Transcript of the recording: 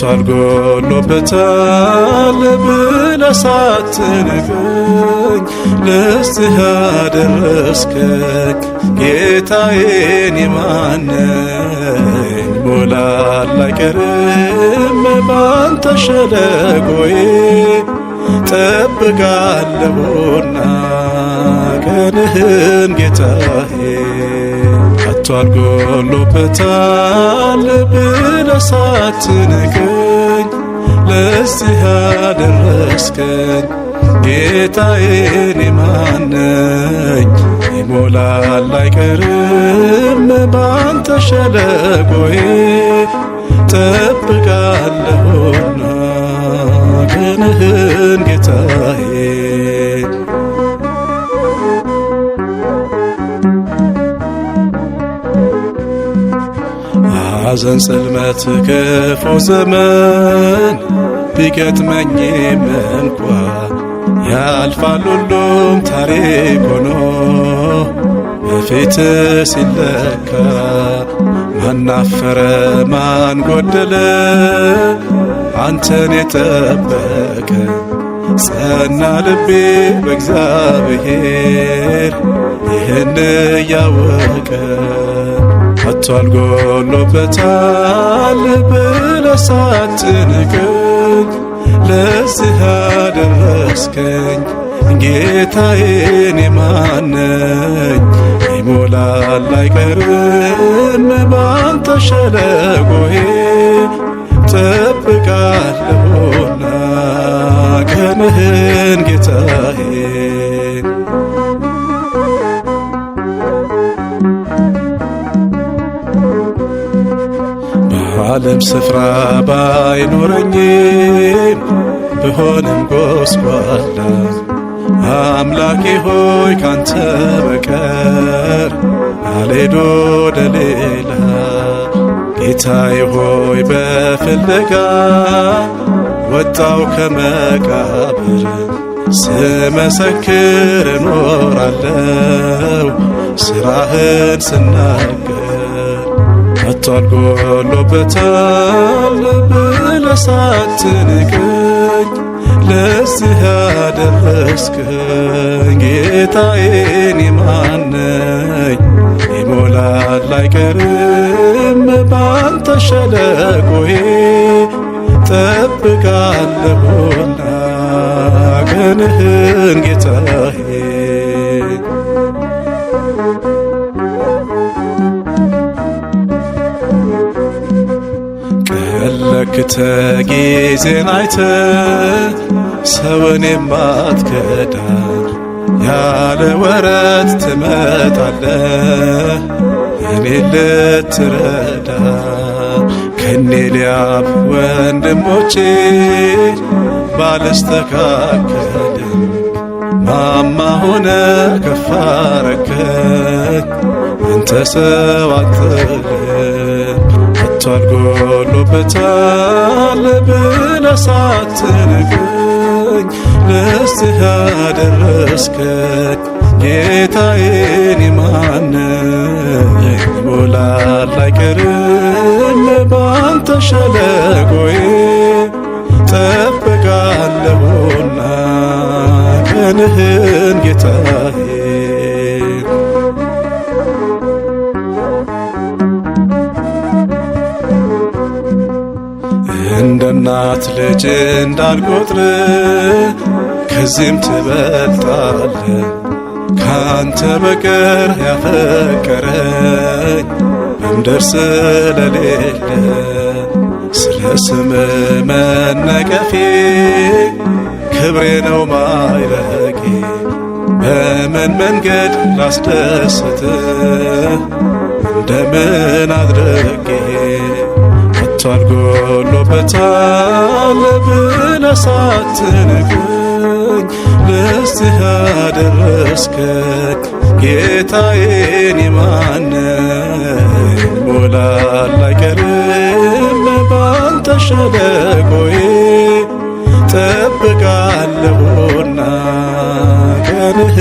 ሞጣል ጎሎበታል ብለህ ሳትንቀኝ ለዚህ ያደረስከኝ ጌታዬ እኔ ማን ነኝ? ሞላል አይቀርም ባንተ ሸለቆዬ ጠብቃለሁና ቀንህን ጌታዬ ሞልቷል ጎሎበታል ልብን ሳትንቀኝ ለዚህ ያደረስከኝ ጌታዬ ማነኝ? ይሞላል አይቀርም ባንተ ሸለቆዬ ጠብቃለሁና ቀንህን ጌታዬ በሐዘን ጽልመት ክፉው ዘመን ቢገጥመኝ እንኳ ያልፋል ሁሉም ታሪክ ሆኖ በፊት ሲለካ ማናፈረ ማን ጎደለ አንተን የጠበቀ ጸና ልቤ በእግዚአብሔር ይህን እያወቀ አቷል ጎሎበታል ብለህ ሳትንቅኝ ለዚህ አደረስከኝ ጌታዬን የማነኝ ማነኝ? ይሞላል አይቀርም ባንተ ሸለቆዬ ጠብቃለሁና ጌታዬ በዓለም ስፍራ ባይኖረኝም ብሆንም ጎስቋላ አምላኬ ሆይ ካንተ በቀር አልሄድ ወደ ሌላ። ጌታዬ ሆይ በፍለጋ ወጣው ከመቃብር ስመሰክር እኖራለው ስራህን ስናገር ሞቷል ጎሎበታል ብለህ ሳትንቀኝ ለዚህ ያደረስከኝ ጌታዬ እኔ ይሞላል አይቀርም ባንተ ሸለቆዬ ጠብቃለሁና ቀንህን ጌታዬ ክተ ጊዜን አይተ ሰውን የማትከዳ ያለ ወረት ትመጣለ እኔ ልትረዳ ከኔ ሊያብ ወንድሞቼ ባለስተካከልን ማማ ሆነ ከፋረከ እንተ ሰው አምሳል ጎሎበታል ብለህ ሳትነግረኝ ለዚህ ያደረስከኝ ጌታዬ እኔ ማነኝ? ይሞላል አይቀርም ባንተ ሸለቆዬ እጠብቃለሁና ቀንህን ጌታዬ እንደ እናት ልጅ እንዳልቆጥር ከዚህም ትበልጣለ ካንተ በቀር ያፈቀረኝ በምድር ስለሌለ ስለ ስም መነቀፌ ክብሬ ነው ማይረጌ በምን መንገድ ላስደስት እንደምን አድርጌ ሞልቷል ጎሎበታል ብለህ ሳትንገኝ ለዚህ አደረስከኝ ጌታዬ እኔ ማነኝ? ሞላል ባንተ ሸለቆዬ ጠብቃለሁና ቀንህ